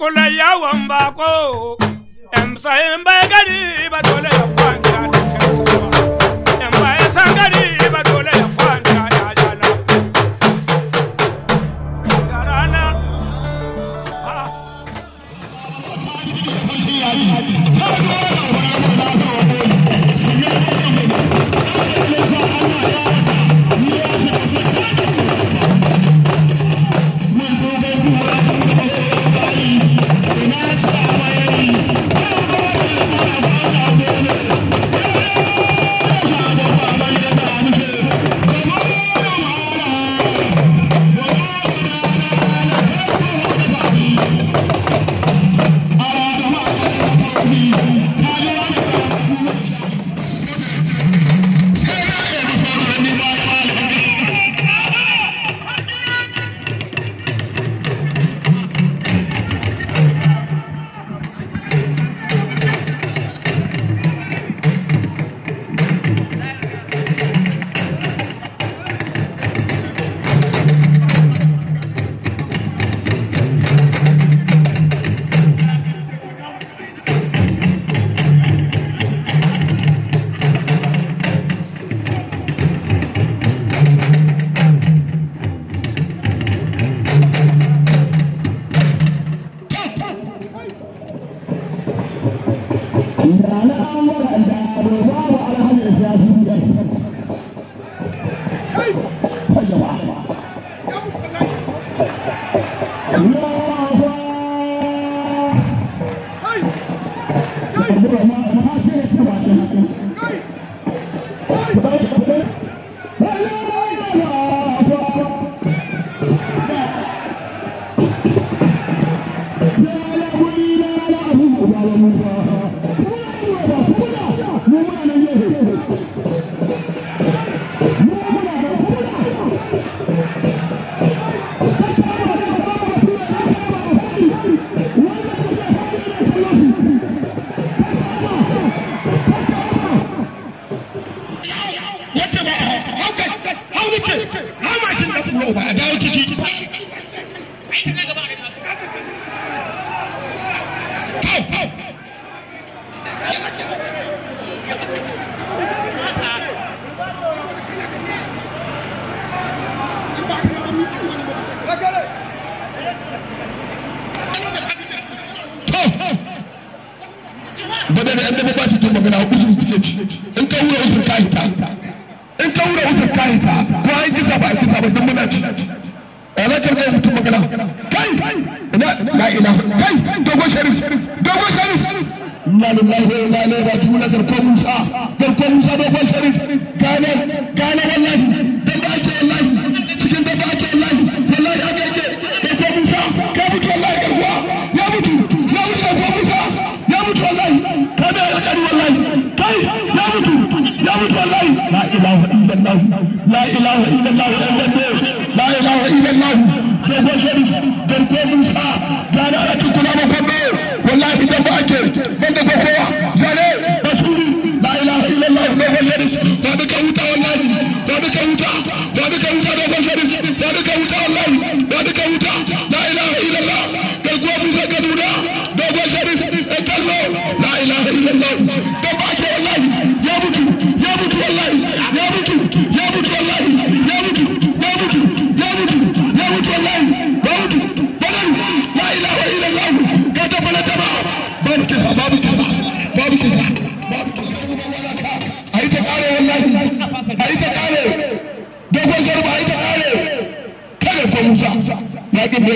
kula yawon bako, ‘yan sayin bai gari ba dole Rahman. bada da cikin magana ci in ka wura in ci alakar da mutum magana kai ina la ilaha kai dogo sharif dogo sharif inna lillahi wa inna ilaihi raji'un garko musa garko musa dogo sharif gane gane wallahi dan ake wallahi cikin da ake wallahi wallahi aka yake garko musa ka mutu wallahi garkuwa ya mutu ya mutu garko musa ya mutu wallahi ka da ya kari wallahi kai ya mutu ya mutu wallahi la ilaha illallah la ilaha illallah Gracias.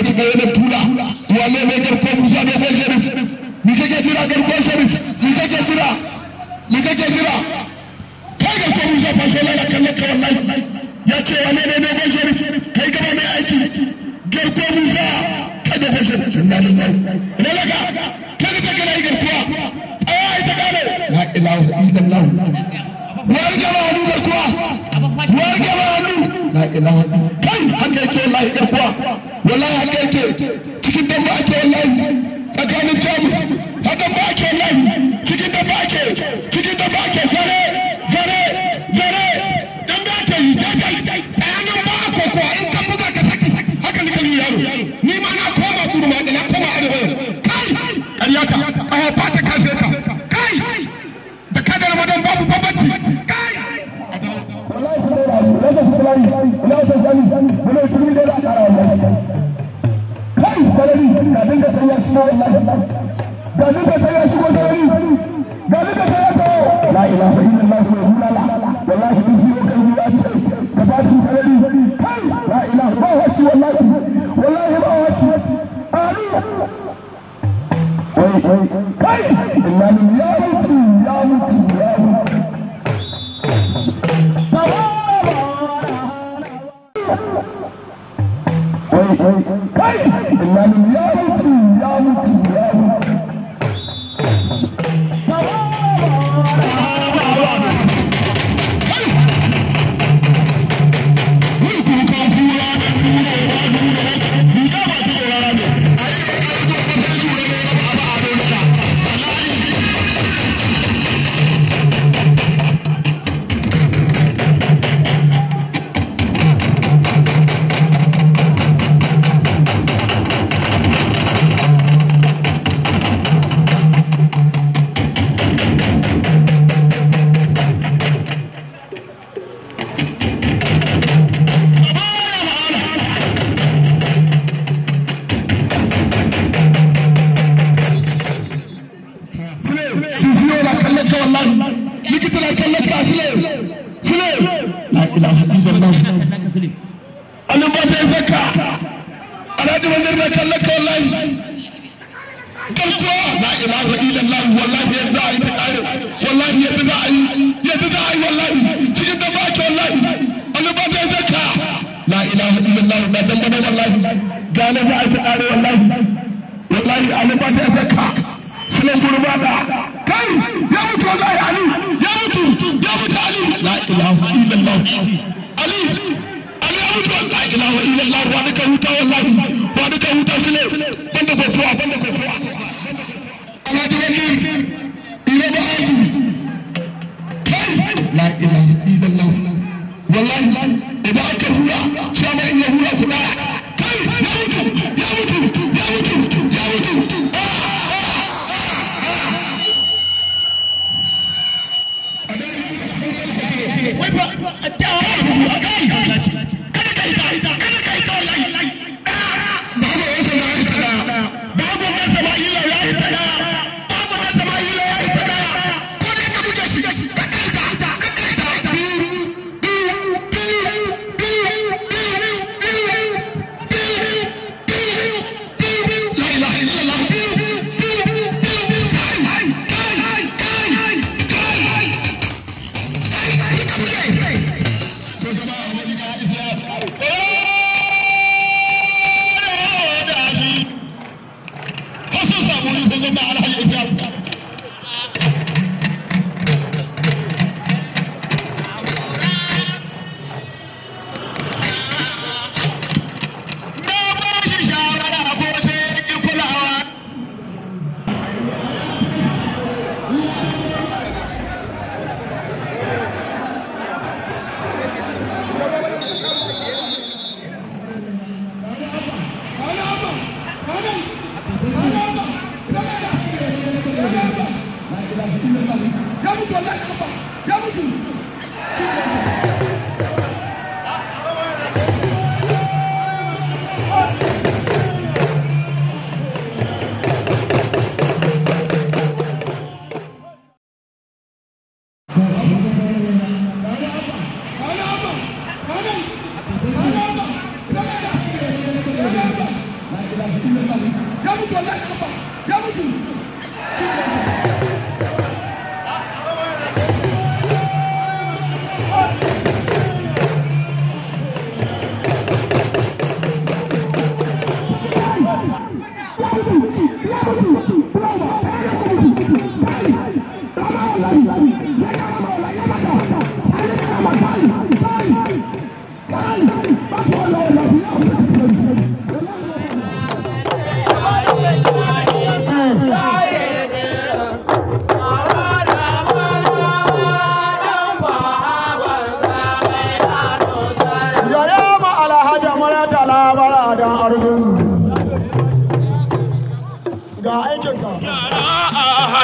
kuma yana tula wale mai garkon musa da kai sharif ni kake jira garkon sharif ni kake jira ni kake jira kai garkon musa fa sai lalla kalle ka ya ce wale mai garkon sharif kai gaba mai aiki garkon musa wani la wala ya karke cikin dabba ake sarari ina wata a kara sarari ga dinga tsaya shi wallahi ga dinga tsaya shi ko ko la ilaha illallah wa wallahi ni la ilaha ba wallahi wallahi ba inna ɗan'uwa la ilaha illallah wallahi yadda a yi ta ƙare wallahi yadda za a yadda za a yi wallahi cikin da baki wallahi annabi da zaka la ilaha illallah na dan bada wallahi ga na za a ta ƙare wallahi wallahi annabi da zaka sunan gurbada kai ya mutu wallahi ali ya mutu ya mutu ali la ilaha illallah ali ali ya mutu la ilaha illallah wa duka huta wallahi wa duka huta sule banda gofuwa banda gofuwa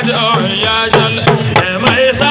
ya jal mai sa